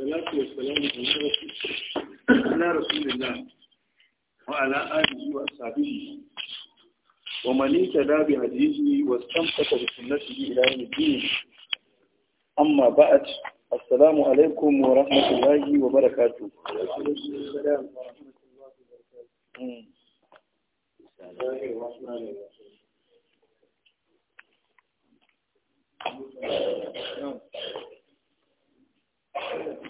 والصلاة والسلام على رسول الله وعلى آله وأصحابه ومن اهتدى بهديه واستمسك بسنته إلى يوم الدين أما بعد السلام عليكم ورحمة الله وبركاته وعليكم السلام ورحمة الله وبركاته Thank you.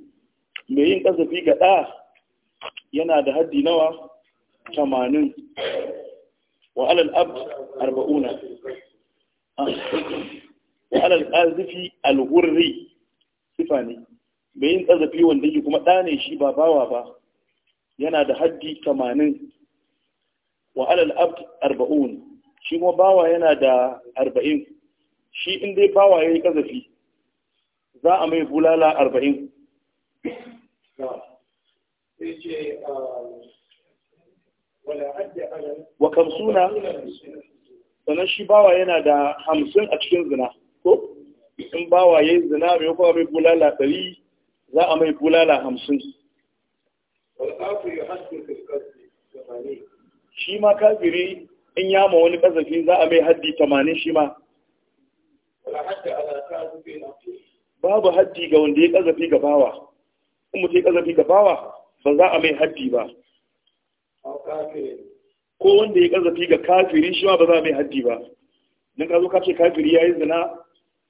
mai yin ƙazafi ga ɗa yana da haddi nawa tamanin wa alal ab arba'una wa alal ƙazafi alhurri sifa ne mai yin ƙazafi wanda yake kuma ɗa ne shi ba bawa ba yana da haddi tamanin wa alal ab arba'un shi kuma bawa yana da arba'in shi in dai bawa ya yi ƙazafi za a mai bulala arba'in wa kamsuna sannan shi bawa yana da hamsin a cikin zina ko in bawa ya yi zina mai kuma mai bulala ɗari za a mai bulala hamsin shi ma kafiri in yama wani ƙazafi za a mai haddi tamanin shi ma babu haddi ga wanda ya ƙazafi ga bawa in mutum ya kazafi ga bawa ba za a mai haddi ba ko wanda ya kazafi ga kafiri shi ma ba za a mai haddi ba Nan ka zo ka ce kafiri ya yi zina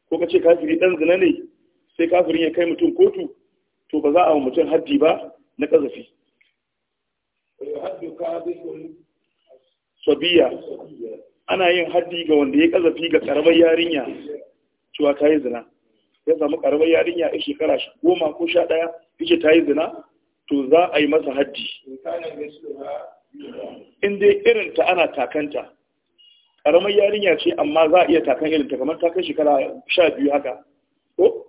ko ka ce kafiri dan zina ne sai kafiri ya kai mutum kotu to ba za a wa mutum haddi ba na kazafi sabiya ana yin haddi ga wanda ya kazafi ga karamar yarinya cewa ta yi zina ya samu karamar yarinya a shekara goma ko sha ɗaya yake ta yi zina to za a yi masa haddi in dai irinta ana takanta ƙaramar yarinya ce amma za a iya takan irinta kamar ta kai shekara sha biyu haka ko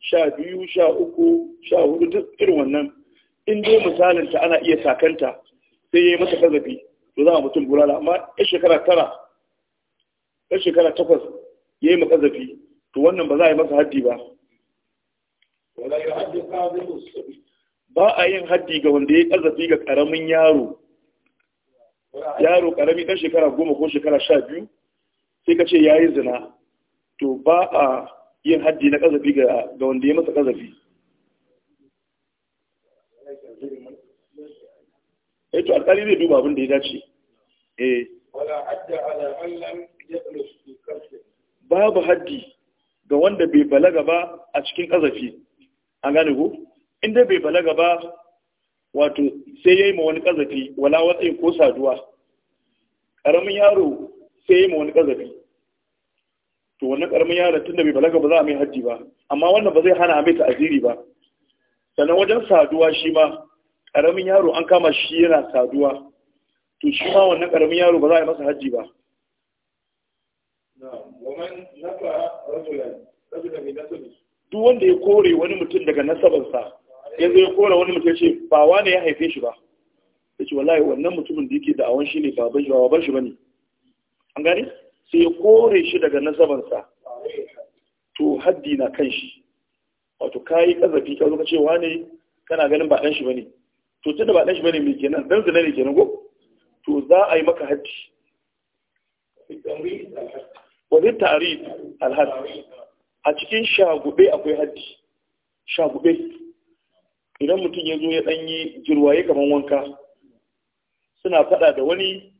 sha biyu sha uku sha hudu duk irin wannan in dai misalinta ana iya takanta sai ya yi masa kazafi to za a mutum bulala amma ya shekara tara ya shekara takwas ya yi makazafi to wannan ba za a yi masa haddi ba ba a yin haddi ga wanda ya ƙarfafi ga ƙaramin yaro yaro ƙarami ɗan shekara goma ko shekara sha biyu sai ka ce ya yi zina to ba a yin haddi na ƙarfafi ga wanda ya masa kazafi eh to alƙali zai duba abin da ya dace eh. babu haddi ga wanda bai balaga ba a cikin ƙarfafi an gane ku? Inda bai balaga ba wato sai yayi ma wani kazafi wala watsi ko saduwa karamin yaro sai yayi ma wani kazafi to wannan karamin yaro tun da bai balaga ba za a mai haji ba amma wannan ba zai hana a ta ta'aziri ba sannan wajen saduwa shi ma karamin yaro an kama shi yana saduwa to shi ma wannan karamin yaro ba za a yi masa haji ba na wannan nafa rajulan rajulan min nasabi duk wanda ya kore wani mutum daga nasabarsa ya ya kore wani mutum ce ba wane ya haife shi ba ya ce wallahi wannan mutumin da yake da'awan shi ne ba ban shi ba ban shi ne, an gane sai ya kore shi daga nasabarsa to haddi na kan shi wato yi kazafi ka zuka ka ce wane kana ganin ba ɗan shi ba ne, to da ba ɗan shi ba ne me kenan ɗan zina ne kenan ko to za a yi maka haddi wa zai tarif alhaddi a cikin shagube akwai haddi shagube idan mutum ya zo ya danyi jirwaye kamar wanka suna faɗa da wani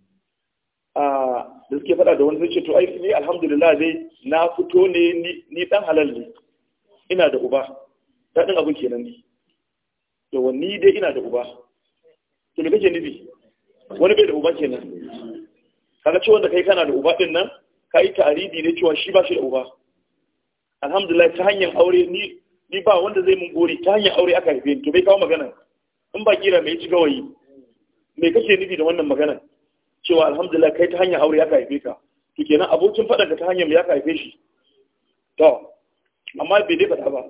da suke faɗa da wani zai ce to ai ni alhamdulillah dai na fito ne ni ɗan halal ne ina da uba daɗin abin kenan ne to wani dai ina da uba to kake nufi wani bai da uba kenan kaga cewa wanda kai kana da uba ɗin nan ka yi ta'aridi ne cewa shi ba shi da uba alhamdulillah ta hanyar aure ni ni ba wanda zai mun gori ta hanyar aure aka haife ni to bai kawo magana in ba kira mai ci gawayi me kake nufi da wannan magana cewa alhamdulillah kai ta hanyar aure aka haife ka to kenan abokin faɗan ka ta hanyar mai aka haife shi to amma bai dai faɗa ba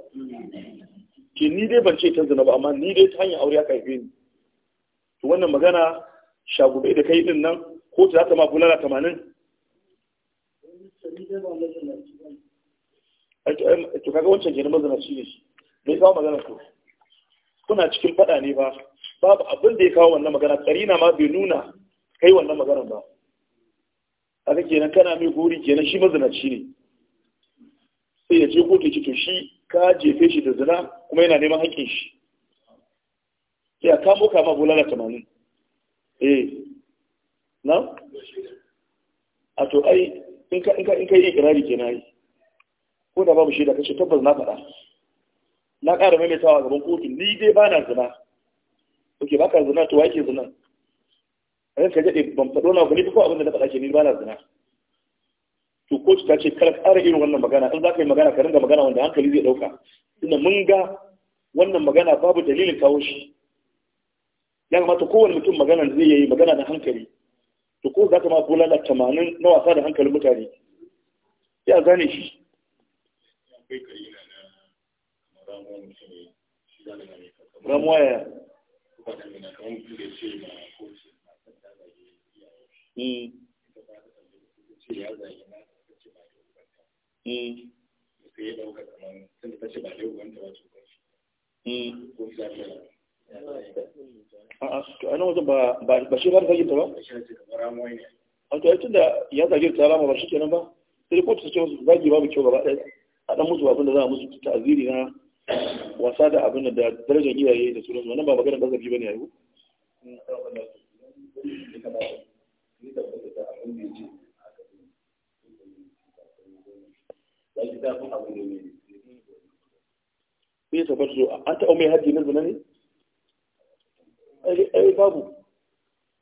ke ni dai ban ce ta zina ba amma ni dai ta hanyar aure aka haife ni to wannan magana shagube da kai din nan ko ta zata ta ma bulala tamanin to kaga wancan kenan mazinaci ne shi bai kawo magana to kuna cikin faɗa ne ba babu abin da ya kawo wannan magana karina ma bai nuna kai wannan magana ba haka kenan kana mai gori kenan shi mazinaci ne sai ya je kotu ce to shi ka jefe shi da zina kuma yana neman haƙƙin shi sai a kamo kama bulala tamanin eh na a to ai in ka yi ikirari kenan yi. ko da babu da kashe tabbas na faɗa na ƙara maimaitawa a gaban kotu ni dai ba na zina oke ba ka zina to wake zina a yanka jade ban faɗo na gani ko abin da na faɗa ke ni ba na zina to kotu ta ce kar ƙara irin wannan magana in za ka yi magana ka ringa magana wanda hankali zai ɗauka ina mun ga wannan magana babu dalilin kawo shi ya kamata kowane mutum magana zai yi magana da hankali to ko za ka ma da tamanin na wasa da hankalin mutane ya gane shi akwai kalila na ramuwa mutum ne shi da gane ka ramuwa ya kuka da mutum da ce ma ko ce ma kan ta zage iyaye shi ba mm. ta ta ce ya ta ce ba da mm. sai ya dauka ta ce ba da ba to ba shi mm. ko ta wajen ba shi ba ta ba ya zage ta rama ba shi kenan ba sai kotu ta ce zage babu kyau gaba ɗaya a dan musu abin da za a musu ta'aziri na wasa da abin da darajar iyaye da sauransu wannan ba maganar gazafi bane yayi Bai tabbata zo, an taɓa mai hajji na zina ne? Ai, babu.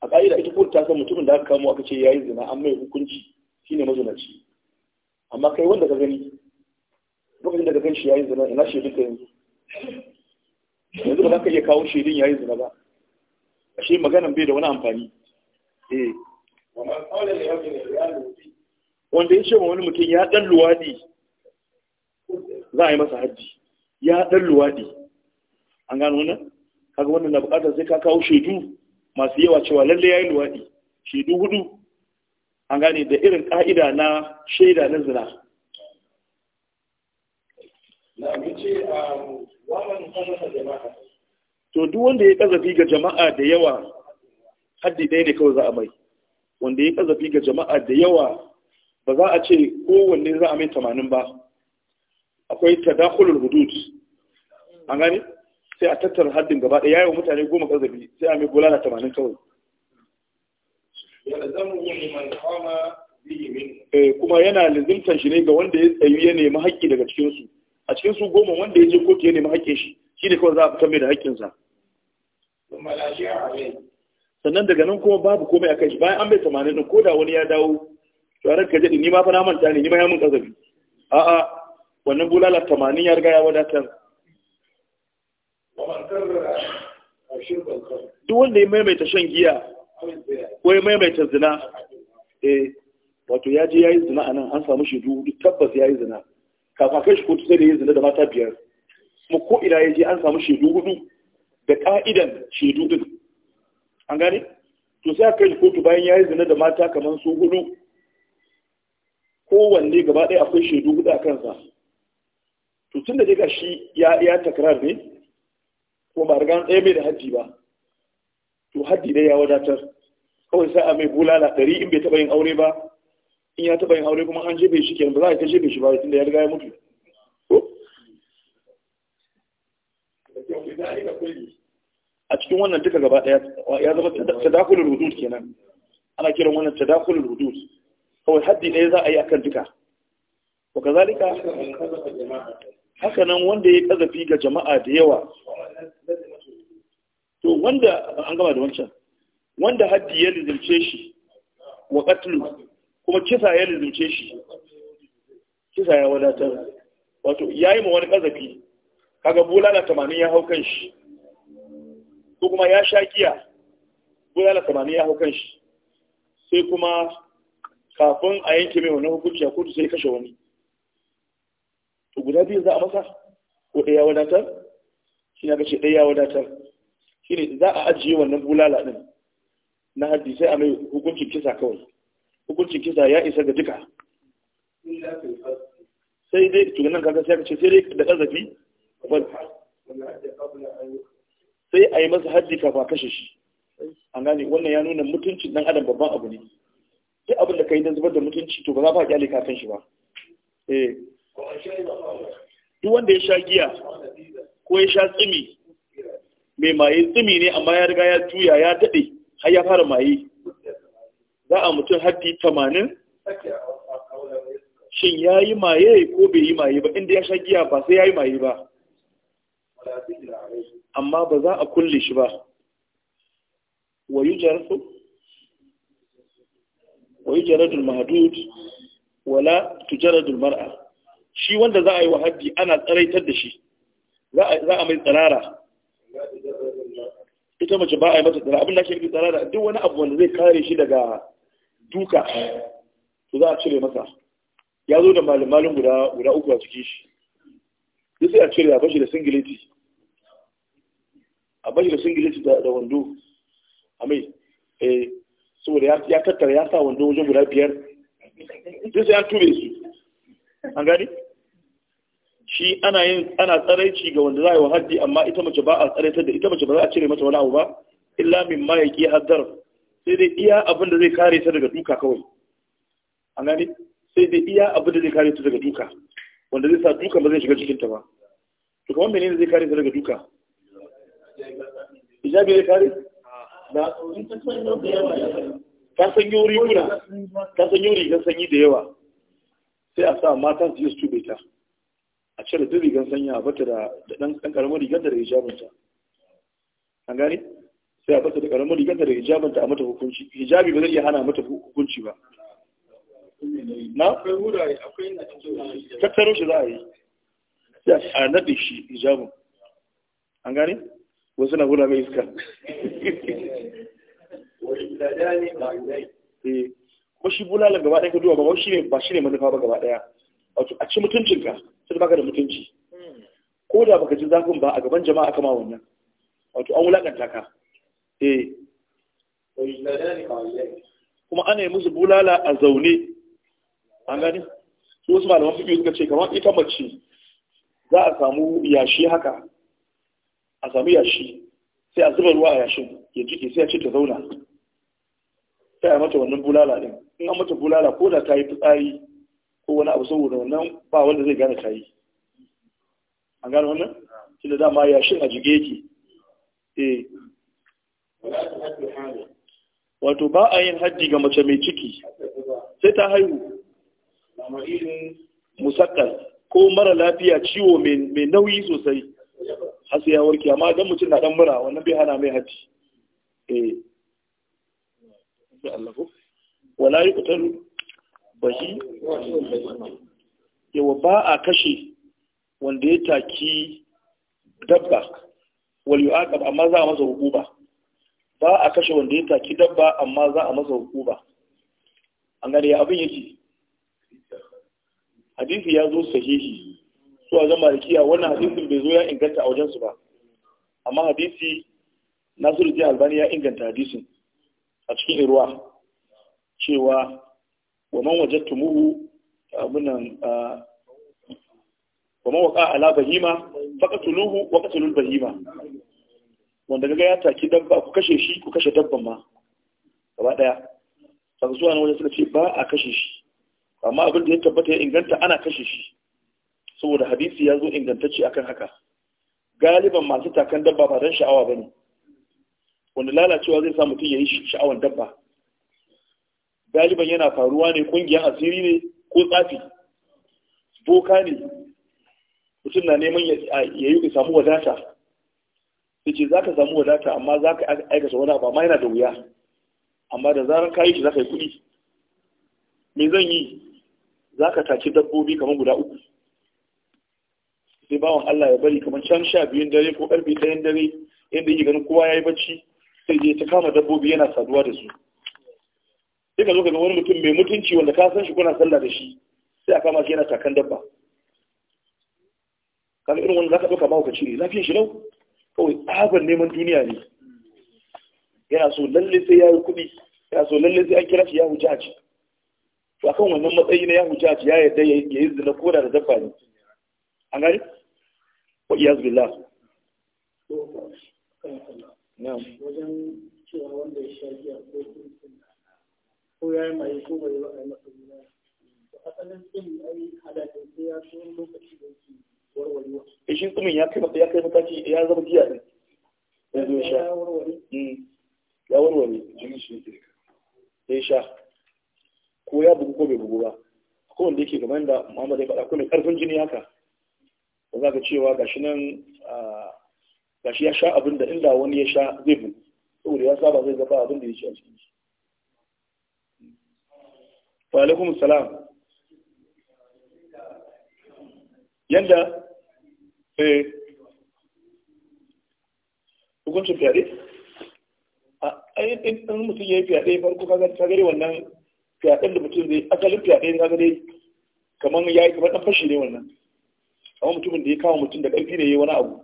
A ƙa'ida ita ko ta san mutumin da aka kamo aka ce ya yi zina an mai hukunci shine mazinaci. Amma kai wanda ka gani kuma daga kan shi yayin zina ina shi duka yanzu yanzu ba za ka iya kawo shaidin ya zina ba ashe maganan bai da wani amfani eh wanda ya ce wa wani mutum ya dan luwadi za a yi masa hajji ya dan luwadi an gano wannan kaga wannan na bukatar sai ka kawo shaidu masu yawa cewa lalle ya yi luwadi shaidu hudu an gane da irin ka'ida na shaida na zina Um, to duk wanda ya kazafi ga jama'a da yawa haddi ɗaya ne kawai za a mai. Wanda ya kazafi ga jama'a da yawa ba za a ce kowanne za a mai tamanin ba. Akwai tadakulul hudud. An gani? Sai a tattara haddin gaba ɗaya wa mutane goma kazafi sai a mai na tamanin kawai. Eh, kuma yana lizimtan shi ne ga wanda ya tsayu ya nemi haƙƙi daga cikinsu. a cikin su goma wanda ya je kotu ya nemi haƙƙin shi shi ne kawai za a fitar mai da haƙƙinsa sannan daga nan kuma babu komai a kai shi bayan an bai tamanin ko da wani ya dawo tsarar ka jaɗi ni ma fa na manta ne ni ma ya mun ƙazabi a'a wannan bulala tamanin ya riga ya wadatar duk wanda ya maimaita shan giya ko ya maimaita zina eh wato ya je ya yi zina a nan an samu shi duk tabbas ya yi zina kafin kai shi kotu sai da ya zina da mata biyar Mu ko ina ya je an samu shaidu hudu da ka'idan shaidu din an gane to sai aka yi kotu bayan ya yi zina da mata kamar su hudu kowanne gaba ɗaya akwai shaidu hudu a kansa to tun da daga shi ya takrar ne ko ba riga ɗaya mai da haddi ba to haddi dai ya wadatar kawai sai a mai bulala ɗari in bai taɓa yin aure ba in ya taɓa yin aure kuma an jebe shi kenan ba za a ta jebe shi ba tunda ya riga ya mutu a cikin wannan duka gaba ɗaya ya zama tadakulul hudud kenan ana kiran wannan tadakulul hudud kawai haddi ɗaya za a yi akan duka wa kazalika haka nan wanda ya kazafi ga jama'a da yawa to wanda an gama da wancan wanda haddi ya lizimce shi wa qatlu kuma kisa ya lulluce shi kisa ya wadatar wato ya yi ma wani ƙazafi kaga bulala tamanin ya hau kan shi ko kuma ya sha giya bulala tamanin ya hau kan shi sai kuma kafin a yanke mai wani hukunci a kudu sai kashe wani to guda biyu za a masa ko ɗaya wadatar shi na kashe ɗaya wadatar shi ne za a ajiye wannan bulala ɗin na haddi sai a mai hukuncin kisa kawai hukuncin kisa ya isa ga duka sai dai tunanin kaga sai ka ce sai dai da kazafi sai a yi masa haddi kafa kashe shi A gane wannan ya nuna mutunci dan adam babban abu ne duk abin da yi don zubar da mutunci to ba za ba kyale kafin shi ba eh. duk wanda ya sha giya ko ya sha tsimi mai maye tsimi ne amma ya riga ya juya ya daɗe har ya fara maye za a mutum haddi tamanin shin ya yi maye ko bai yi maye ba inda ya sha giya ba sai ya yi maye ba amma ba za a kulle shi ba wa yi jarfu mahadud wala tujaradul mar'a shi wanda za a yi wa haddi ana tsaraitar da shi za a mai tsirara ita mace ba a yi mata tsirara abin da shi tsirara duk wani abu wanda zai kare shi daga duka su za a cire masa ya zo da malin guda uku a cikin shi ya sai a cire a bashi da singileti a bashi da singileti da wando a mai eh, saboda ya tattara ya sa wando wajen guda biyar duk sai an ture su an gani shi ana yin ana tsaraici ga wanda za a yi wa haddi amma ita mace ba a tsaraitar da ita mace ba za a cire mata wani abu ba illa min ma ya ƙi haddar sai dai iya abin da zai kare ta daga duka kawai a gani? sai dai iya abin da zai kare ta daga duka wanda zai sa duka ba zai shiga cikinta ba to kuma menene zai kare ta daga duka hijabi zai kare da ta sanyo riguna ta sanyo rigar sanyi da yawa sai a sa mata su yi su tube ta a cire duk rigar sanyi a bata da ɗan ƙaramin rigar da hijabinta an gani? sai a fasa da karamin riganta da ta a mata hukunci hijabi ba zai iya hana mata hukunci ba na tattaro shi za a yi a naɗe shi hijabin an gane wasu na hula mai iska eh, kuma shi bulalan gaba ɗaya ka duwa gaba ne ba shi ne manufa ba gaba ɗaya wato a ci mutuncinka sai baka da mutunci hmm. ko da baka ji zafin ba a gaban jama'a kama wannan wato an wulaƙanta ka Eh. kuma ana yi musu bulala a zaune an gani su wasu malaman fiƙi suka ce kamar ita mace za a samu yashi haka a samu yashi sai a zuba ruwa a yashin ya jike sai a ce ta zauna sai a mata wannan bulala din in an mata bulala ko da ta yi fitsari ko wani abu saboda wannan ba wanda zai gane ta yi an gane wannan shi da dama yashin a jige yake eh. wato ba a yin hajji ga mace mai ciki sai ta haihu musakkal ko mara lafiya ciwo mai nauyi sosai A sai ya warke amma don mutum na dan mura wannan bai hana mai hajji eh. wala yi kutar bashi yawa ba a kashe wanda ya taki dabba wal ba amma za a masa ba. ba a kashe wanda ya taki dabba amma za a masa hukuba. an gane abin yake hadisi ya zo sahihi su a zama rikiya wannan hadisin bai zo ya inganta a wajensu ba amma hadisi nasiru jiya albani ya inganta hadisin a cikin irwa cewa wa man wajattumuhu abunan wa waka ala bahima faqatuluhu wa bahima wanda ga ya taki dabba ku kashe shi ku kashe dabban ma gaba daya saka zuwa nan wajen suka ce ba a kashe shi amma abin da ya tabbata ya inganta ana kashe shi saboda hadisi ya zo ingantacce akan haka galiban masu takan dabba ba don sha'awa ba ne wanda lalacewa zai sa mutum ya yi sha'awan dabba galiban yana faruwa ne kungiyar asiri ne ko tsafi boka ne mutum na neman ya yi samu wadata ya ce za ka samu wadata amma za ka aikata wani abu amma yana da wuya amma da zarar ka yi shi za ka yi kuɗi me zan yi za ka taci dabbobi kamar guda uku sai bawan Allah ya bari kamar can sha biyun dare ko ƙarfe ɗayan dare yadda yake ganin kowa ya yi bacci sai je ta kama dabbobi yana saduwa da su sai ka zo ka ga wani mutum mai mutunci wanda ka san shi kuna sallah da shi sai a kama shi yana takan dabba kaga irin wani za ka ɗauka ma ka cire lafiyar shi lau kawai tsabar neman duniya ne yana so lalle sai ya yi kuɗi yana so lalle sai an kira shi ya huce a ci to akan wannan matsayi na ya huce a ci ya yadda ya yi zina ko da dabba ne an gani wa iya billah lafi wajen cewa wanda ya sha giya ko ko ya yi mai ko bai ba a yi masa ya yi hada da ya so lokaci da yake eh shi tsumin ya kai ya kai mataki ya zama giya ne yanzu ya sha ya warware mm. ya sha ko ya bugu ko bai bugu ba ko wanda yake kamar da Muhammad ya faɗa ko mai karfin jini haka ba za ka cewa gashi nan gashi ya sha abin da inda wani ya sha zai bugu saboda ya saba zai zaba abin da ya ci a cikin shi. Wa alaikum salam. yanda eh hukuncin fyaɗe a in mutum ya yi fyaɗe farko ka gari wannan fyaɗen da mutum zai asalin fyaɗe ka dai, kamar ya yi kamar ɗan fashi ne wannan amma mutumin da ya kawo mutum da ƙarfi ne ya yi wani abu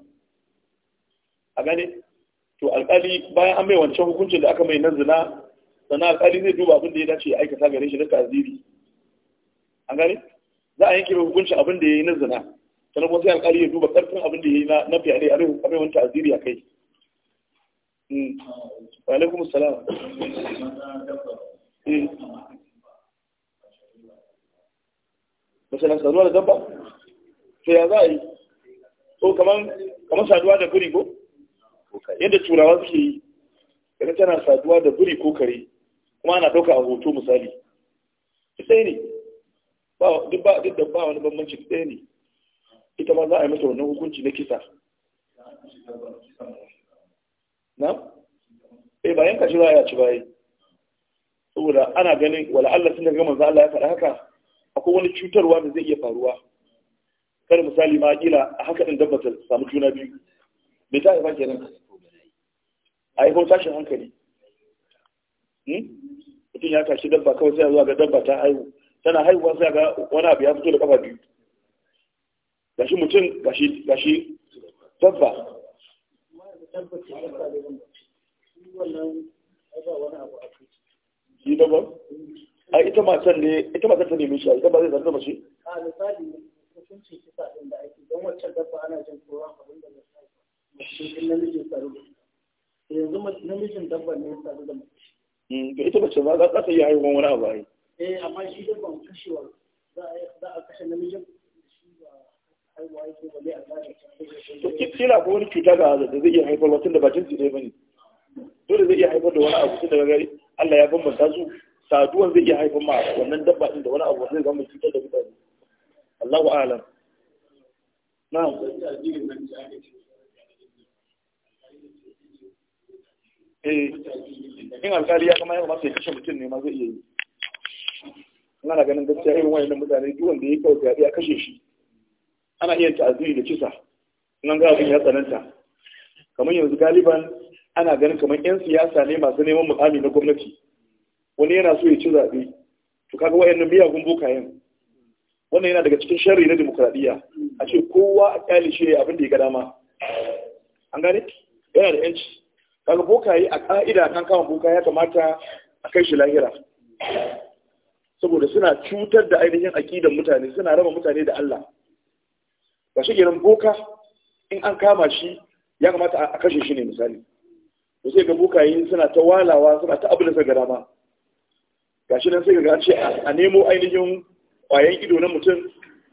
a gane to alƙali bayan an mai wancan hukuncin da aka mai na zina sannan alƙali zai duba abin da ya dace ya aikata gare shi na ta'aziri an gane za a yanke mai hukuncin abin da ya yi na zina sannan kuma sai alƙali ya duba ƙarfin abin da ya yi na fiyade a rai wani ta'aziri a kai hmm. wa alaikum salam ba hmm. sai saduwa da dabba to ya za a yi ko kamar saduwa da guri ko yadda turawa suke yi kaga tana saduwa da buri ko kare kuma ana ɗauka a hoto misali ɗaya ne duk da ba wani bambanci ɗaya ne ita ma za a yi masa wannan hukunci na kisa na? eh bayan kashi za a yaci baye. saboda ana ganin wala Allah sun daga manzo Allah ya faɗa haka akwai wani cutarwa da zai iya faruwa kar misali ma kila a haka din dabba ta samu juna biyu me ta haifa kenan a haifar tashin hankali hmm? mutum ya tashi dabba kawai sai a zuwa ga dabba ta haihu tana haihuwa sai ga wani abu ya fito da kafa biyu mutum ga shi dabba shi dabba a ita matan ne ita matan ta ita ba zai zarta ba shi a misali kisa da ake don dabba ana jin tsoron abin da namijin tsaro yanzu namijin dabba ne ya tsaro da mutum mm, ita mace ba za ta iya haihuwan wani abu eh amma shi dabban kashewa za a kashe namijin kila ko wani cuta ga da zai iya haifar wata da ba jinsi ɗaya bane dole zai iya haifar da wani abu tun daga gari Allah ya bambanta su saduwan zai iya haifar ma wannan dabba din da wani abu zai zama cutar da mutane Allahu a'lam na'am eh in alkali ya kama ya kamata ya kashe mutum ne ma zai iya yi ina ganin gaskiya irin wayannan mutane duk wanda ya kawo gari a kashe shi ana iya ta'aziri da kisa nan ga abin ya tsananta kamar yanzu galiban ana ganin kamar yan siyasa ne masu neman mukami na gwamnati wani yana so ya ci zaɓe to kaga wayannan miyagun kayan. wannan yana daga cikin sharri na demokradiyya a ce kowa a kyale shi abin da ya ga dama an gane yana da yanci kaga bokaye a ka'ida kan kama boka ya kamata a kai shi lahira saboda suna cutar da ainihin aƙidan mutane suna raba mutane da Allah ga shi irin boka in an kama shi ya kamata a kashe shi ne misali to sai ga yin suna ta walawa suna ta abin da suka ga shi nan sai ga a nemo ainihin kwayan ido na mutum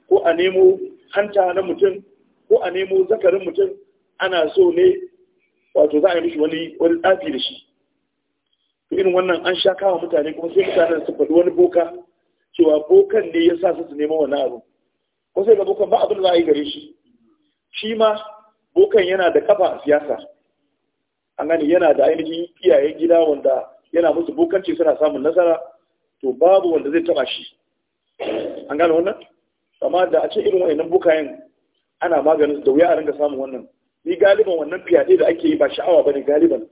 ko a nemo hanta na mutum ko a nemo zakarin mutum ana so ne wato za a yi mishi wani wani tsafi da shi to irin wannan an sha kama mutane kuma sai mutanen su faɗi wani boka cewa bokan ne ya sa su su neman wani abu ko sai ga bukan ba abin da za a yi gare shi shi ma bukan yana da kafa a siyasa an gani yana da ainihin iyayen gida wanda yana musu bukanci suna samun nasara to babu wanda zai taba shi an gani wannan amma da a ce irin wayannan bukayen ana maganin da wuya a ringa samun wannan ni galiban wannan fiyaɗe da ake yi ba sha'awa bane galiban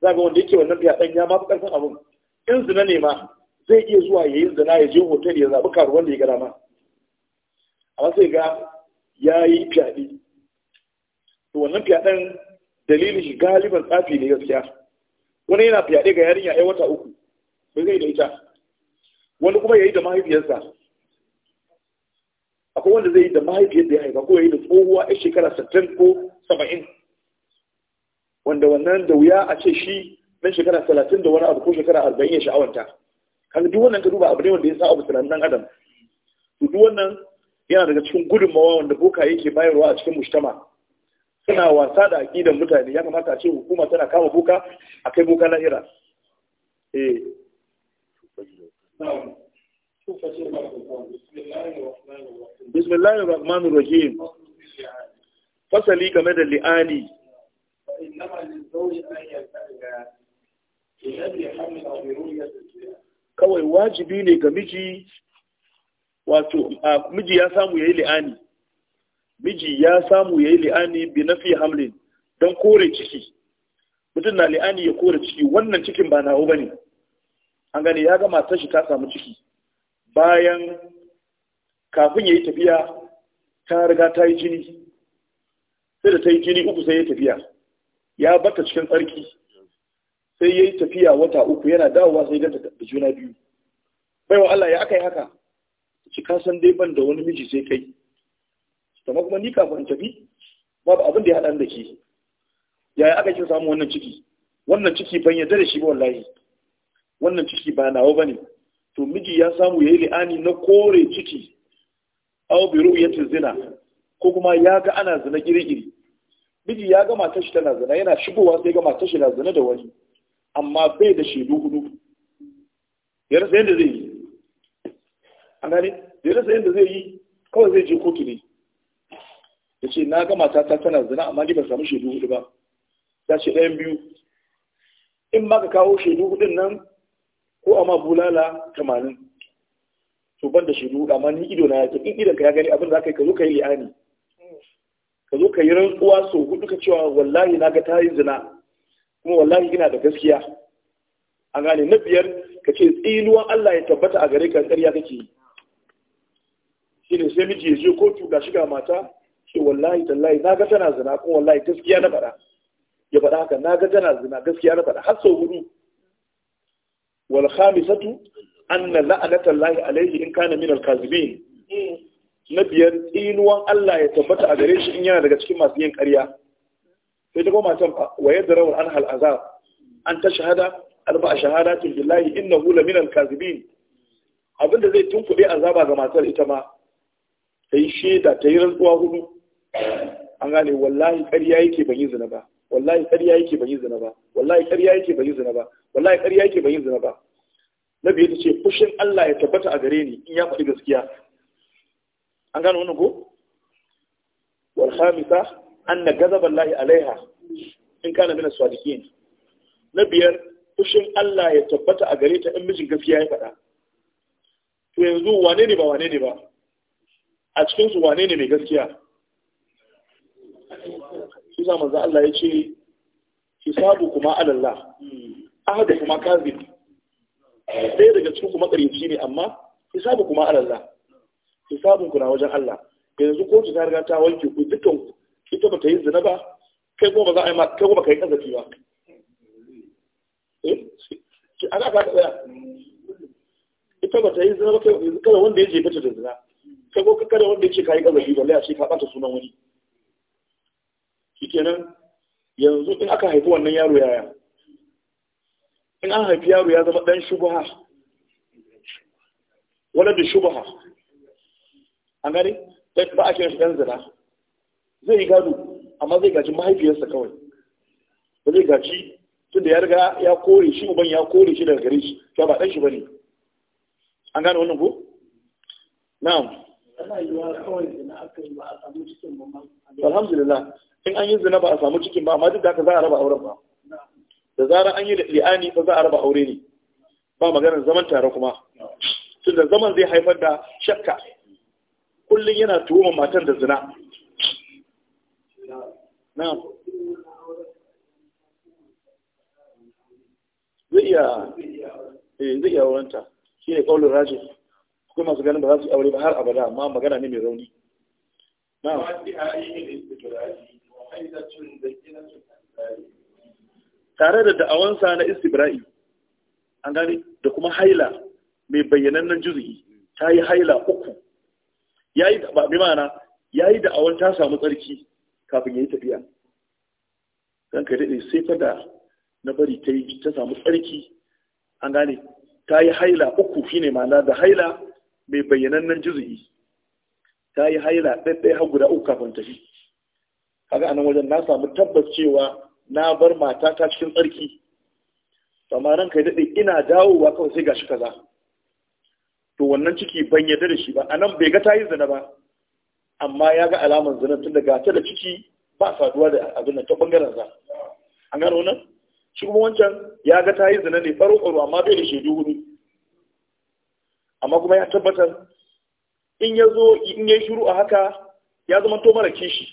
za ga wanda yake wannan fiyaɗen ya mafi ƙarfin abin in zina ne ma zai iya zuwa ya yi zina ya je hotel ya zaɓi karuwan da ya gara ma amma sai ga ya yi fyaɗe to wannan fyaɗen dalilin shi galiban tsafi ne gaskiya wani yana fyaɗe ga yarinya ya wata uku bai zai da ita wani kuma ya yi da mahaifiyarsa akwai wanda zai yi da mahaifiyar da ya haifa ko ya yi da tsohuwa a shekara sattin ko saba'in wanda wannan da wuya a ce shi ɗan shekara talatin da wani abu ko shekara arba'in ya sha'awanta kan duk wannan ka duba abu ne wanda ya sa abu tunanin adam to duk wannan yana daga cikin gudunmawa wanda boka yake bayarwa a cikin mujtama suna wasa da aƙidan mutane ya kamata a ce hukuma tana kama boka a kai boka lahira eh rahmanir rahim fasali game da li'ani kawai wajibi ne ga miji wato miji ya samu yayi li'ani miji ya samu yayi li'ani bi nafi hamlin don kore ciki mutum na li'ani ya kore ciki wannan cikin ba nawo bane an gani ya ga matar shi ta samu ciki bayan kafin yayi tafiya ta riga ta yi jini sai da ta yi jini uku sai ya tafiya ya bata cikin tsarki sai ya yi tafiya wata uku yana dawowa sai ganta da juna biyu baiwa Allah ya aka yi haka ki ka san dai ban da wani miji sai kai amma kuma ni kafin tafi babu abin da ya haɗa da ke yaya aka kin samu wannan ciki wannan ciki ban yarda da shi ba wallahi wannan ciki ba nawa ba ne. to miji ya samu ya yi li'ani na kore ciki A'u bi ru'yati zina ko kuma ya ga ana zina girgiri miji ya ga matar shi tana zina yana shigowa sai ga matar shi na zina da wani amma bai da shaidu hudu ya rasa yadda zai yi an gane da rasa yadda zai yi kawai zai je kotu ne ya ce na gama ta tana zina amma ni ba samu shaidu hudu ba ta ce ɗayan biyu in ma ka kawo shaidu hudun nan ko amma bulala tamanin to ban da shaidu hudu amma ni ido na ya ce in idan ka ya gani abin da aka yi ka zo ka yi li'ani ka zo ka yi rantsuwa sau hudu ka cewa wallahi na ga tayin zina kuma wallahi ina da gaskiya a gane na biyar ka ce tsinuwan Allah ya tabbata a gare ka tsariya kake yi ne sai miji ya je kotu ga shiga mata ce wallahi tallahi na ga tana zina kuma wallahi gaskiya na faɗa ya faɗa haka na ga tana zina gaskiya na faɗa har sau hudu wal khamisatu anna la'anata llahi alaihi in kana min al kazibin na biyar tsinuwan Allah ya tabbata a gare shi in yana daga cikin masu yin ƙarya sai ta goma can wa yadda rawar an hal an ta shahada arba shahadatin billahi innahu la min al kazibin abinda zai tunkuɗe azaba ga matar ita ma ta yi shaida ta yi rantsuwa hudu an gane wallahi ƙarya yake ban yi zina ba wallahi ƙarya yake ban yi zina ba wallahi ƙarya yake ban yi zina ba wallahi ƙarya yake ban yi zina ba na biyu ta ce fushin Allah ya tabbata a gare ni in ya faɗi gaskiya an gane wannan ko wal khamisa anna ghadaba Allah alaiha in kana min as-sadiqin na biyar fushin Allah ya tabbata a gare ta in mijin gaskiya ya faɗa to yanzu wane ne ba wane ne ba a cikin su wane ne mai gaskiya Su za manzo Allah ya ce hisabu kuma alalla ahadu kuma kazi, ɗaya daga cikin kuma ƙarfi ne amma hisabu kuma alalla hisabun ku na wajen Allah yanzu kotu ta riga ta wanke ku dukkan ita ba ta yi zina ba kai kuma ba za a yi ma kai kuma kai kazafi ba eh an aka tsaya ita ba ta yi zina ba kai kada wanda ya jefe ta da zina Ka ko kada wanda yake kai gaba balle a ce ka bata sunan wani shikenan yanzu in aka haifi wannan yaro yaya in an haifi yaro ya zama dan shubha wala da shubha an gani ba a kiran shi dan zina zai yi gado amma zai gaji mahaifiyarsa kawai ba zai gaji tunda ya riga ya kore shi uban ya kore shi daga gare shi ba dan shi bane an gane wannan ko na'am alhamdulillah in an yi zina ba a samu cikin ba amma duk da haka za a raba auren ba da zarar an yi li'ani ba za a raba aure ne ba maganar zaman tare kuma tunda zaman zai haifar da shakka kullum yana tuhumar matan da zina na zai iya eh, zai iya wurinta shi ne ƙaunar rajin ko masu ganin ba za su yi aure ba har abada amma magana ne mai rauni tare da da'awansa na istibra'i an gane da kuma haila mai bayyanannen juzu'i ta yi haila uku Ya yi ba bi ma'ana yi da'awar ta samu tsarki kafin ya yi tafiya kan ka daɗe sai ta da na bari ta yi ta samu tsarki an gane ta yi haila uku shine ma'ana da haila mai bayyanannen juzu'i ta yi haila ɗaiɗai har guda uku kafin tafi kaga anan wajen na samu tabbas cewa na bar mata ta cikin tsarki samaran kai daɗe ina dawowa kawai sai gashi kaza to wannan ciki ban yarda da shi ba anan bai ga ta zina ba amma ya ga alamar zina tun daga ta da ciki ba saduwa da abin ta bangaren za an gano nan shi kuma wancan ya ga ta zina ne faro faro amma bai da shaidu hudu amma kuma ya tabbatar in ya zo in ya shiru a haka ya zama to mara kishi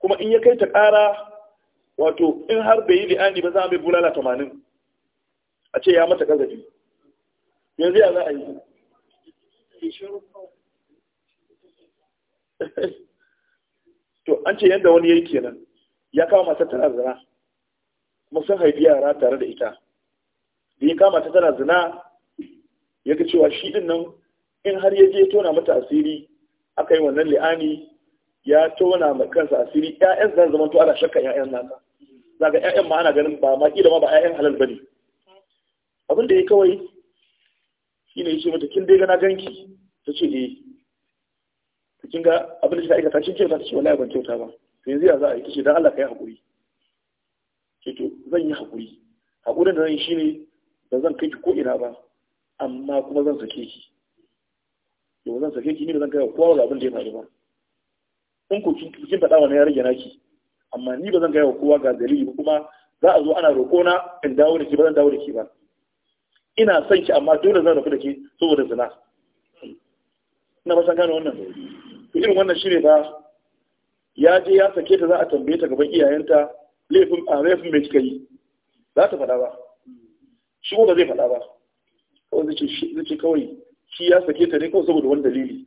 kuma in ya kai ta ƙara wato in har bai yi li'ani ba za a mai bulala tamanin a ce ya mata ƙazafi yanzu ya za a yi to an ce yadda wani ya yi kenan ya kama matar tana zina kuma sun haifi yara tare da ita da ya kama ta tana zina ya cewa shi din nan in har ya je tona mata asiri aka yi wannan li'ani ya tona ma kansa asiri ƴaƴan zan zama to ana shakka ƴaƴan za ga ƴaƴan ma ana ganin ba ma kila ma ba ƴaƴan halal bane abin da ya kawai shi ne yace mata kin dai ga na ganki ta ce eh to kin ga abin da ta aikata shi kyauta ta ce wallahi ban kyauta ba to yanzu ya za a yi kishi dan Allah kai hakuri ke to zan yi hakuri hakuri da zan yi shi ne ba zan kai ki ko ina ba amma kuma zan sake ki yau zan sake ki ne da zan gaya kowa abin da ya faru ba in ku kin faɗa wani ya rage naki amma ni ba zan gaya wa kowa ga dalili kuma za a zo ana roƙo na in dawo da ki ba zan dawo da ki ba ina son ki amma dole zan rabu da ke saboda zina ina ba san gane wannan to irin wannan shine ba ya je ya sake ta za a tambaye ta gaban iyayenta laifin a laifin mai kika yi za ta faɗa ba shi ko ba zai faɗa ba kawai zai ce kawai shi ya sake ta ne kawai saboda wani dalili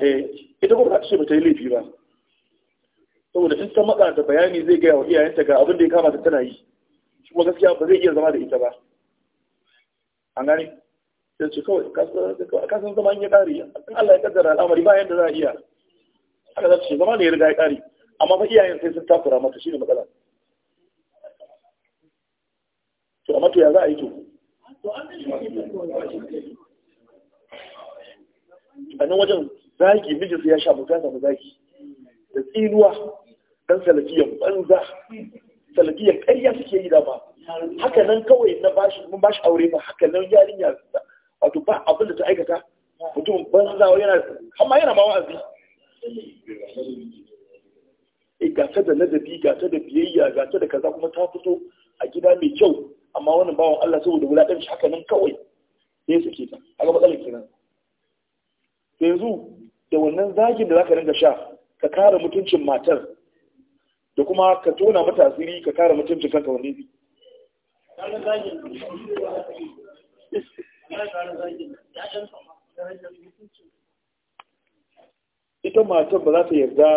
eh, ita kuma ba ta ce ba ta yi laifi ba saboda in ta matsa da bayani zai gaya wa iyayenta ga abin da ya kamata tana yi shi kuma gaskiya ba zai iya zama da ita ba an gane sai ce kawai kasan zama in ya ƙari in Allah ya kaddara al'amari ba yadda za a iya haka za ta ce zama ne ya riga ya ƙari amma fa iyayen sai sun takura mata shi ne matsala amma ya za a yi to a nan wajen zagi su ya sha buka samu zagi da tsiruwa don salafiyan banza salafiyan karya suke yi dama haka nan kawai na bashi mun bashi aure ba haka nan yarinya wato ba abin da ta aikata mutum banza yana amma yana ma wa'azi e eh, gata da ladabi gata da biyayya gata da kaza kuma ta fito a gida mai kyau amma wannan bawan Allah saboda wulaɗin shi haka nan kawai ya suke ta haka matsalar kenan yanzu da wannan zagin da zaka ringa sha ka kare mutuncin matar da kuma ka tona mata asiri ka kare mutuncin kanka wanne bi ita matar ba za ta yarda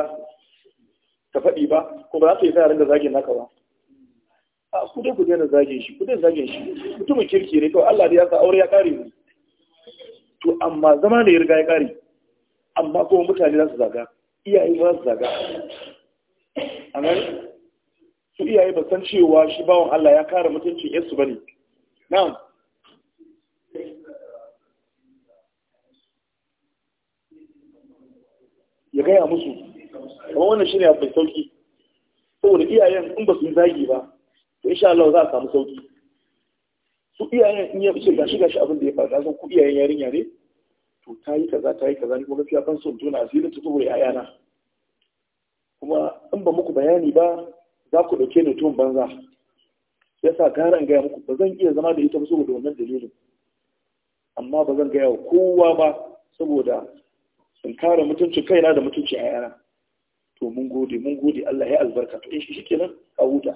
ta faɗi ba ko ba za ta yi sa da zagin naka ba a ku dai ku daina zagin shi ku dai zagin shi mutumin kirki ne kawai Allah ya sa aure ya kare mu to amma zama ne ya riga ya kare amma kuma mutane za su zaga iyaye ba su zaga a nan su iyaye ba san cewa shi bawan Allah ya kare mutuncin yansu ba ne na'am ya gaya musu kamar wannan shi ne abu mai sauki saboda iyayen in ba su zagi ba to insha Allah za a samu sauki su iyayen in ya fice gashi gashi abin da ya faru san ku iyayen yarinya ne to ta yi kaza ta yi kaza ni kuma gaskiya ban tona asirin ta saboda yayana kuma in ba muku bayani ba za ku ɗauke ni tun banza yasa gara in gaya muku ba zan iya zama da ita ba saboda wannan dalilin amma ba zan gaya wa kowa ba saboda in kare mutuncin kaina da mutuncin yayana to mun gode mun gode Allah ya albarka to in eh, shi shikenan a huta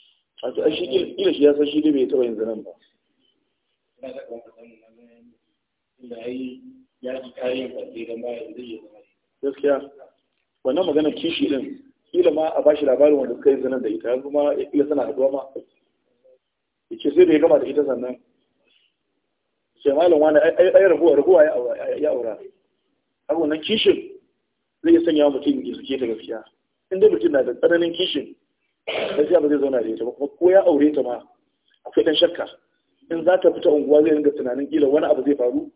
a shi shi ya san shi dai bai taɓa yin zanen ba gaskiya wannan magana kishi din kila ma a bashi labarin wanda suka yi zanen da ita yanzu ma ya kila sana haduwa ma ya ce sai da ya gama da ita sannan sai malam wani ai rabuwa! Rabuwa! ya aura abu wannan kishin zai sanya mutum ya suke ta gaskiya inda mutum na da tsananin kishin gaskiya ba zai zauna da ita ba kuma ko ya aure ta ma akwai ɗan shakka in za ta fita unguwa zai ringa tunanin kila wani abu zai faru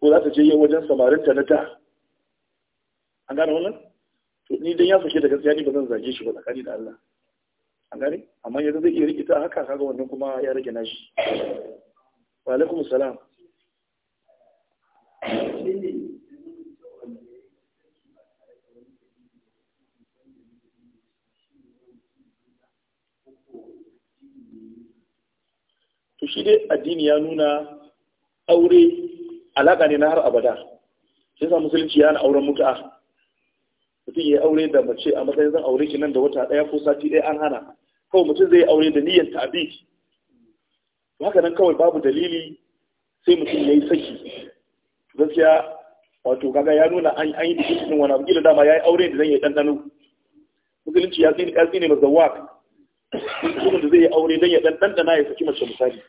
ko za ta je yin wajen samarin ta na da an gane wannan to ni dan ya sake da gaskiya ni ba zan zage shi ba tsakani da Allah an gane amma yanzu zai iya rike ta haka kaga wannan kuma ya rage nashi wa alaikumus salam shi dai addini ya nuna aure alaƙa ne na har abada sai sa musulunci ya na auren mutu'a mutum ya aure da mace a matsayin zan aure ki nan da wata ɗaya ko sati ɗaya an hana kawai mutum zai aure da niyyar tabi haka nan kawai babu dalili sai mutum ya yi saki gaskiya wato kaga ya nuna an yi da cikin wani abu dama ya yi aure da zan yi ɗanɗano musulunci ya tsini ya ne mazawak mutum da zai yi aure don ya ɗanɗana ya saki mace misali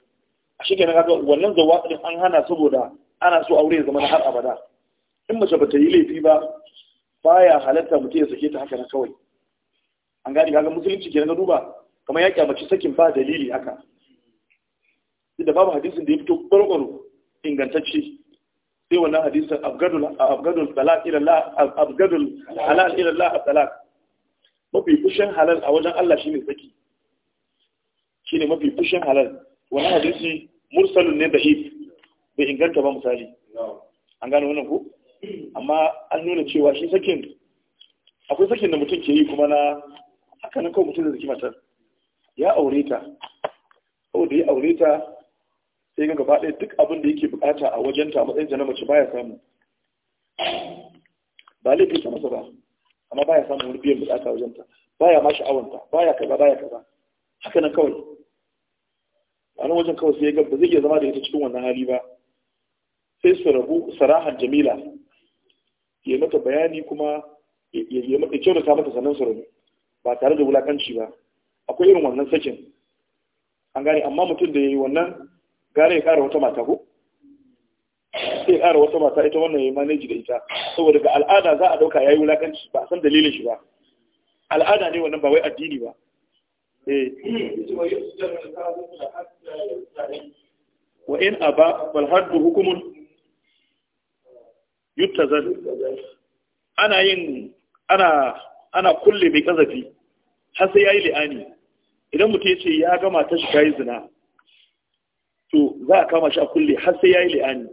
a shi kenan kaga wannan zawatsin an hana saboda ana so aure ya zama na har abada in mace ba ta yi laifi ba Ba ya halatta mutum ya sake ta haka na kawai an gani kaga musulunci kenan na duba kamar ya kyamaci sakin ba dalili haka da babu hadisin da ya fito kwarkwaro ingantacce sai wannan hadisin abgadul talaq ila la abgadul halal ila la talaq mafi kushin halal a wajen Allah shine saki shine mafi kushin halal wannan hadisi mursalun ne da if bai inganta ba misali an gano wannan ku amma an nuna cewa shi sakin akwai sakin da mutum ke yi kuma na haka nan kawai mutum da zaki matar ya aure ta kawai da ya aure ta sai ga gaba ɗaya duk abin da yake bukata a wajen a matsayin na mace baya samu ba laifin ta masa ba amma baya samun wani biyan bukata a wajen ta baya ma sha'awanta baya kaza baya kaza haka nan kawai wani wajen kawai sai ya ga ba zai iya zama da ita cikin wannan hali ba sai su rabu sarahar jamila ya mata bayani kuma ya mata kyautata mata sannan su rabu ba tare da wulakanci ba akwai irin wannan sakin an gane amma mutum da ya yi wannan gane ya kara wata mata ko sai ya kara wata mata ita wannan ya yi maneji da ita saboda ga al'ada za a dauka ya yi wulakanci ba a san dalilin shi ba al'ada ne wannan ba wai addini ba Eh. wa in aba bal haddu hukumun yuttazal ana yin ana mai kazafi har sai yayi li'ani idan mutum ya ce ya ga matar shi tayi zina to za a kama shi a kulle har sai yayi li'ani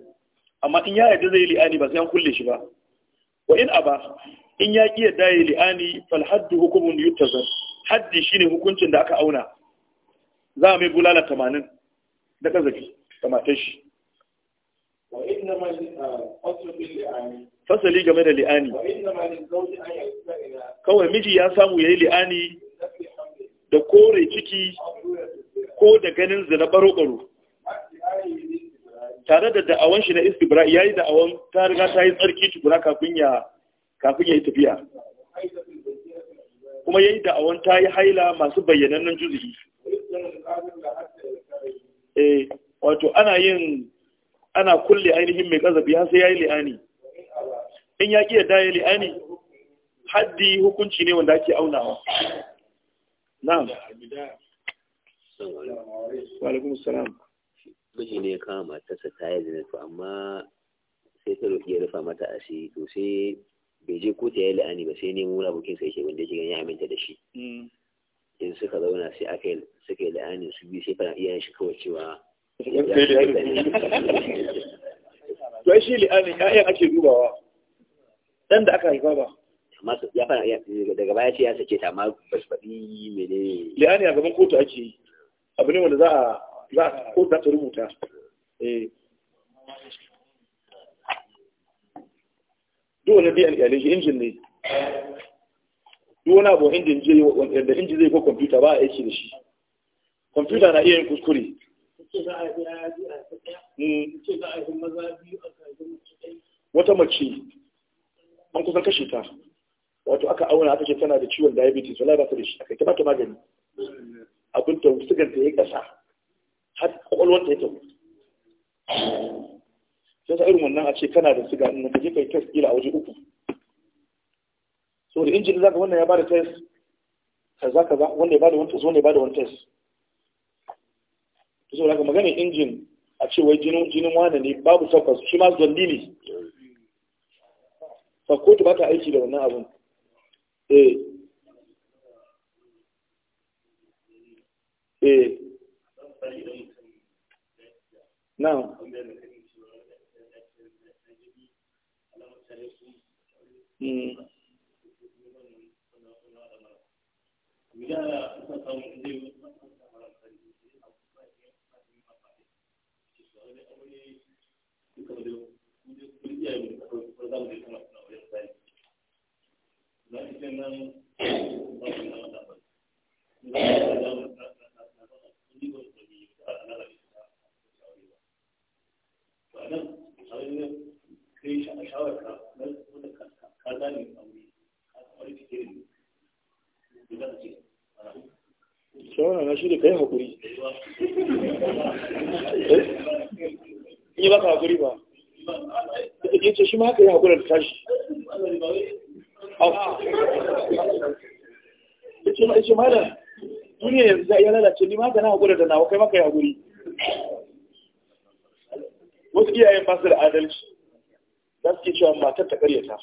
amma in ya yarda zai yi li'ani ba sai an kulle shi ba wa in aba in ya ki yarda yayi li'ani fal haddu hukumun haddi shine hukuncin da aka auna za mu yi bulala tamanin da ƙazafi da matar shi ah, fasali game da li'ani kawai miji ya samu ya yi li'ani da kore ciki ko da ganin zina baro-baro tare da da'awan shi na istibra ya yi da'awan ta riga ta yi tsarki tukuna kafin ya yi tafiya kuma da da'awan ta yi haila masu bayyanannen juzu'i eh wato ana yin ana kulle ainihin mai kazafi har sai yayi li'ani in ya kiyar da yayi li'ani haddi hukunci ne wanda ake aunawa na'am wa alaikum salam miji ne ya kama matarsa ta yi zina amma sai ta roƙi ya rufa mata ashe to sai bai je ko ta yi la'ani ba sai nemo wani abokin sai ke wanda ya ya aminta da shi mm. in suka zauna sai aka yi suka yi la'ani su biyu sai fara iyayen shi kawai cewa to shi li'anin iya ake dubawa dan da aka haifa ba amma ya fara daga baya ce ya sace ta amma ba su faɗi mene li'ani a gaban kotu ake yi abu ne wanda za a za a kotu za ta rubuta eh duk wannan biyan iyalai shi injin ne duk wani abu injin zai wanda inji zai ko kwamfuta ba a aiki da shi kwamfuta na iya yin kuskure hmm. wata mace an kusan kashe ta wato aka auna aka ce tana da ciwon diabetes wala ba ta da shi aka kama ta magani abin ta suganta ya kasa har kwakwalwar ta ya tafi sai ta irin wannan a ce kana da siga in ka je kai test kila a waje uku so da injin zaka wannan ya bada test kaza kaza wanda ya bada wani test wanda ya bada wani test to so daga magana injin a ce wai jinin jinin wani ne babu tabbas shi ma zandi ne fa kotu ba ta aiki da wannan abun eh eh na'am Mira, hmm. kai hakuri eh? in yi baka hakuri ba ya ce shi ma haka yi hakuri da tashi ya ce ma ya ce ma da duniya yanzu ya lalace ni ma haka na hakuri da nawa kai maka yi hakuri wasu iyayen ba su da adalci za su ke cewa matar ta karyata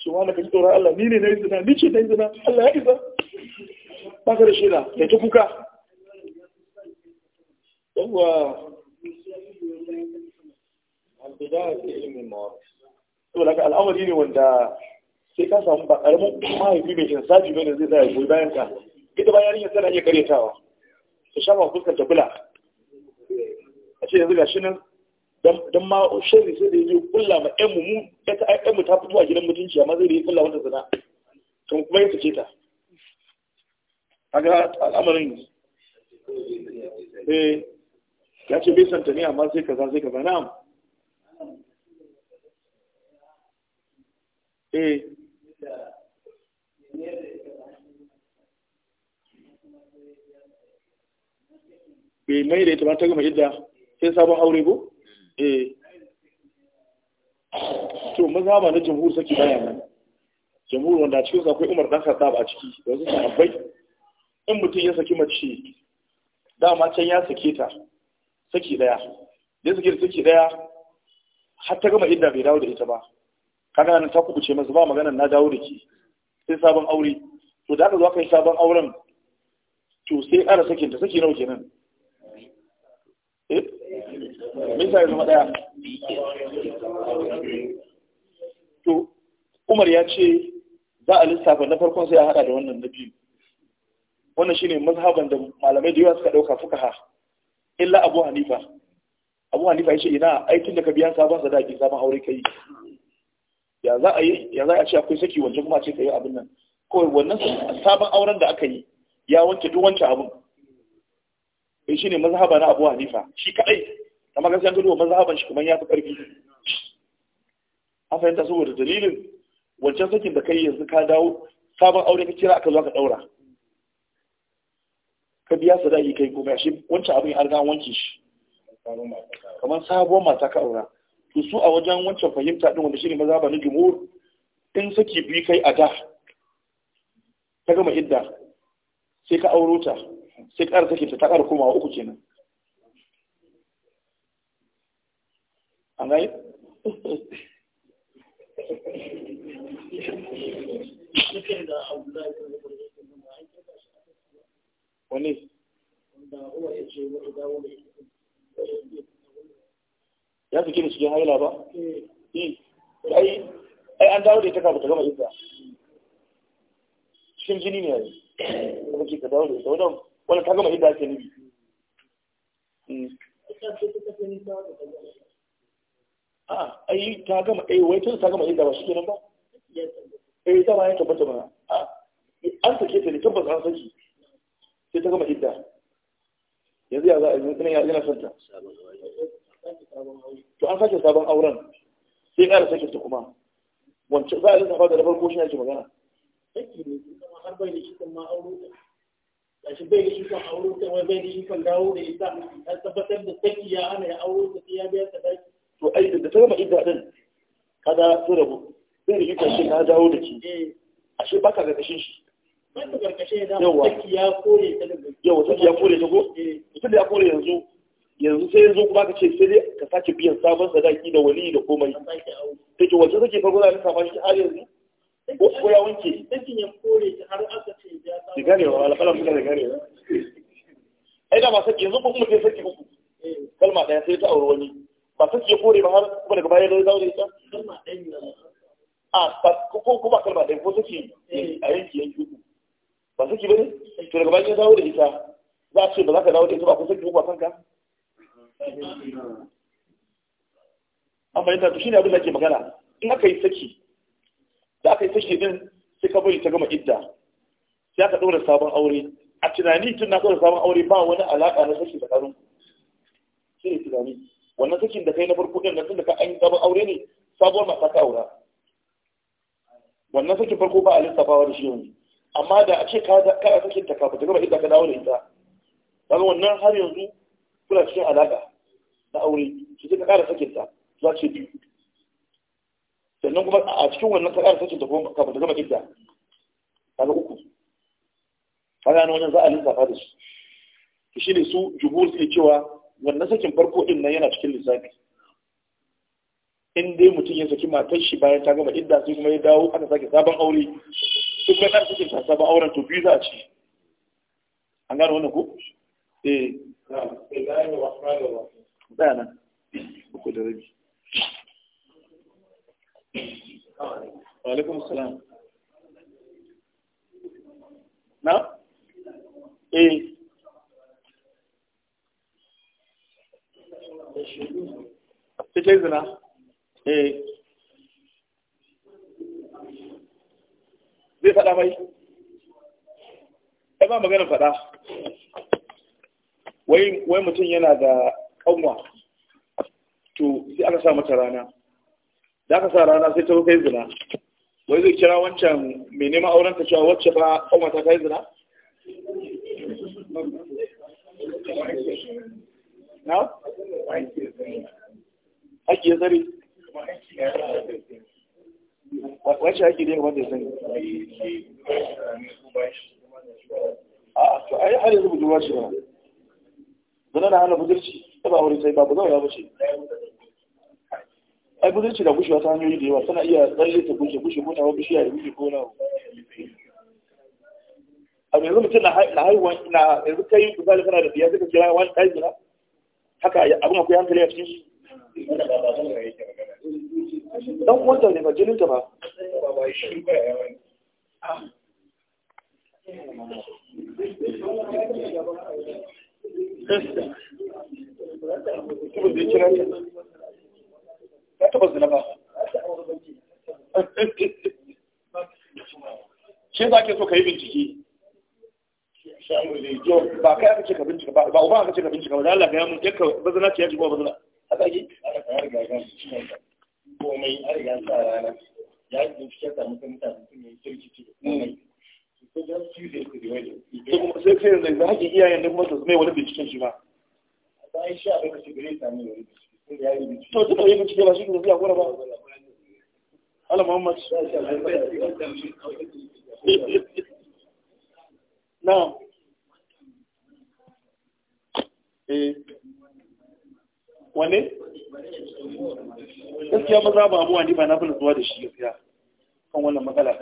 su wani kan tsoron Allah ni ne na yi zina ni ce na yi zina Allah ya isa ba ka da shaida da ta kuka wa al'amari ne wanda sai ka samu ba ƙaramin mahaifi mai insafi bai da zai tsaya goyi bayan ka ita ba yarinya tana iya karyatawa ta sha fuskar ta bula a ce yanzu ga shi nan don ma shirri sai da ya je kulla ma ƴan mu ƴan mu ta fito a gidan mutunci amma zai da ya kulla wata zina kan kuma ya fice ta kaga al'amarin eh ya ce bai santa ne amma sai kaza sai kaza na amu eh. bai mai da ita ba ta gama idda sai sabon aure ko eh to maza ba na jamhur saki baya nan jamhur wanda cikin sa akwai Umar dan ba a ciki da wasu abai? in mutum ya saki mace dama can ya sake ta saki daya da suke da saki daya har ta gama inda bai dawo da ita ba kaga nan ta kubuce masa ba magana na dawo da ke sai sabon aure to da aka zo aka yi sabon auren to sai ƙara sakin ta saki nawa kenan eh me sai zama daya to Umar ya ce za a lissafa na farkon sai a hada da wannan na biyu wannan shine mazhaban da malamai da yawa suka dauka ha. illa abu hanifa abu hanifa ya ce ina aikin da ka biya sabon sadaki sabon aure kai ya za a yi ya za a ce akwai saki wancan kuma ce kai yi abin nan kawai wannan sabon auren da aka yi ya wanke duk wancan abin bai e, shine ne mazhaba na abu hanifa shi kadai kamar gaskiya ga duwa mazhaban shi kuma ya fi karfi an fahimta saboda dalilin wancan sakin da kai yanzu ka dawo sabon aure ka kira aka zo ka daura ka biya sadaki kai komai shi wancan abin har ga wanke shi kamar sabuwar mata ka aura to su a wajen wancan fahimta din wanda shine maza ba na jumhur in saki bi kai a da ta gama idda sai ka auro ta sai ka sake ta ta ƙara komawa uku kenan an gani Thank you. wani ya fi da cikin haila ba? Eh. Eh. ai an dawo da ita kafin ta gama ita. cikin jini ne yanzu kuma ke ka dawo da ita wadda wadda ta gama idda ke nubi a ai ta gama ai eh, wai tun ta gama ita ba shi kenan ba eh ta ba ya tabbata ba ah, an sake ta ne tabbata an sake sai ta gama idda yanzu ya za a yi mutum yana son to an sake sabon auren sai ƙara sake ta kuma wancan za a yi lissafa da na farko shi ake magana saki ne kuma har bai da shi kan ma ta gashi bai da shi kan auro ta wai bai da shi kan dawo da ita har tabbatar da saki ya hana ya auro ta sai ya biya ta daki to ai da ta gama idda din kada su rabu sai da shi kan shi ka dawo da shi eh. ashe baka ga kashin shi yawa ya kore ta ko eh. ya yanzu yanzu sai yanzu kuma ka ce sai dai ka sake biyan sabon sadaki da wali da komai take wace take farko za ka kama shi har yanzu ko ko ya wanke sakin ya kore ta har aka ce ya samu gane wa alƙalam suka da gane ai da ba saki yanzu ko kuma sai saki uku eh. kalma daya sai ta aure wani ba saki ya kore ba har kuma daga baya da zaure ta kalma daya a ko kuma kalma daya ko eh. a yanki yanki uku ba saki bane to daga bayan ya dawo da ita za a ce ba za ka dawo da ita ba ko saki ko ba kanka an fahimta to shine abin da ke magana in aka yi saki da aka yi saki din sai ka bari ta gama idda sai aka ɗora sabon aure a tunani tun na ɗora sabon aure ba wani alaƙa na saki da karun shi ne tunani wannan sakin da kai na farko ɗin da tun da ka an yi sabon aure ne sabuwar mata ka aura wannan sakin farko ba a lissafawa da shi yanzu amma da a ce kana sakin ta kafin ta gaba inda ka dawo da ita daga wannan har yanzu kuna cikin alaƙa na aure su ce ka ƙara sakin ta za ce biyu sannan kuma a cikin wannan ka ƙara sakin ta kafin ta gama idda daga uku ka gano wannan za a lissafa da su to shine su jubur suke cewa wannan sakin farko din nan yana cikin lissafi in dai mutum ya saki matar shi bayan ta gama idda sai kuma ya dawo aka sake sabon aure in ga ɗan cikin ba auren to biyu za a ci an gano wannan ko eh da nan uku da rabi wa alaikum salam na eh cikin zina eh zai faɗa mai ai ba maganin faɗa wai mutum yana da kanwa to sai aka sa mata rana da aka sa rana sai ta zo kai zina wai zai kira wancan mai neman auren ta cewa wacce ba kanwa ta kai zina na? ya zari wace ake ne wanda ya sani a to ai har yanzu budurwa na hana budurci ta ba aure sai ba ba ya bace ai budurci da gushewa ta hanyoyi da yawa tana iya tsalle ta gushe gushe ko nawa bishiya da gushe ko nawa a yanzu mutum na haihuwa na yanzu kai misali kana da biya na haka a dan uwanta ne ba jininta ba ba shi za ke so ka yi bincike ba kai aka ce ka bincika ba ba uba ce ka bincika ba da Allah ga yamun yanka bazana ce ya ji bazana rana ya zo samu yi ce ko kuma sai ba iyayen da wani shi ba shi a lokaci gare ta mai wani bincike to duka bincike ba shi ne ba ala muhammad na'am mazaba abuwa ne ba na fi da shi ya fiya kan wannan matsala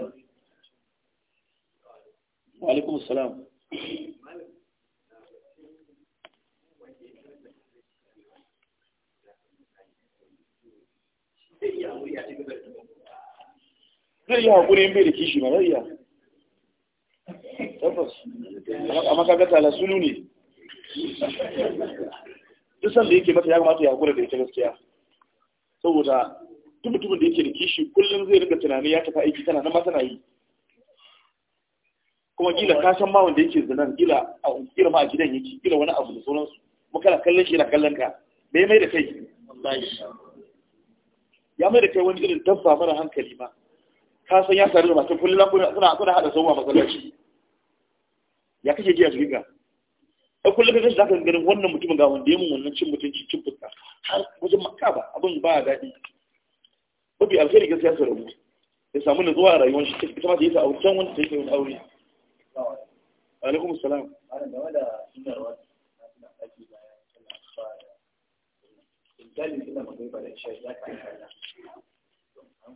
ɗin wa salam zai yi haƙuri in bai da kishi ba zai iya tabbas a makagata tala sunu ne duk sanda yake mata ya kamata ya haƙura da ita gaskiya saboda duk mutumin da yake da kishi kullum zai rika tunani ya tafi aiki tana nama tana yi kuma Gila ka san ma wanda yake zinan gila a kila ma a gidan yake gila wani abu da sauransu kuma kana kallon shi na kallon ka me mai da kai ya mai da kai wani irin dabba mara hankali ma ka san ya sare da masu kullum suna suna hada sauwa masallaci ya kake ji a Riga? ka a kullum ka zaka ganin wannan mutumin ga wanda ya mun wannan cin mutunci cin fuska har wajen makaba abin ba daɗi mafi alheri gaskiya su rabu ya samu nutsuwa a rayuwar shi ita ma ta yi ta aure can wanda ta yi ta aure alaikum salam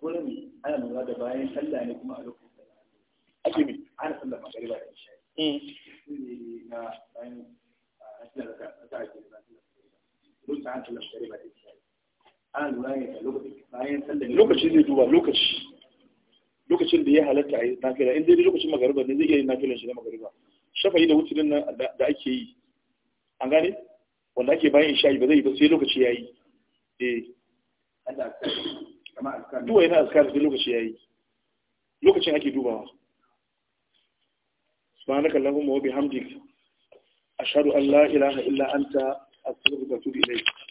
gurin ana lura da bayan sallah ne kuma a lokacin ake mi ana sallah magariba da isha ne na bayan a sallah da ta ake da lokacin ana sallah magariba da ana lura ne da lokaci bayan sallar lokaci zai duba lokaci lokacin da ya halatta a yi nafila in dai lokacin magariba ne zai iya yin nafila shi na magariba shafa yi da wutirin nan da ake yi an gane wanda ake bayan yi ba zai yi ba sai lokaci ya yi eh duwa yana askar sai lokaci ya yi lokacin ake dubawa سبحانك اللهم a shaɗu أن لا إله إلا أنت أستغفرك وأتوب إليك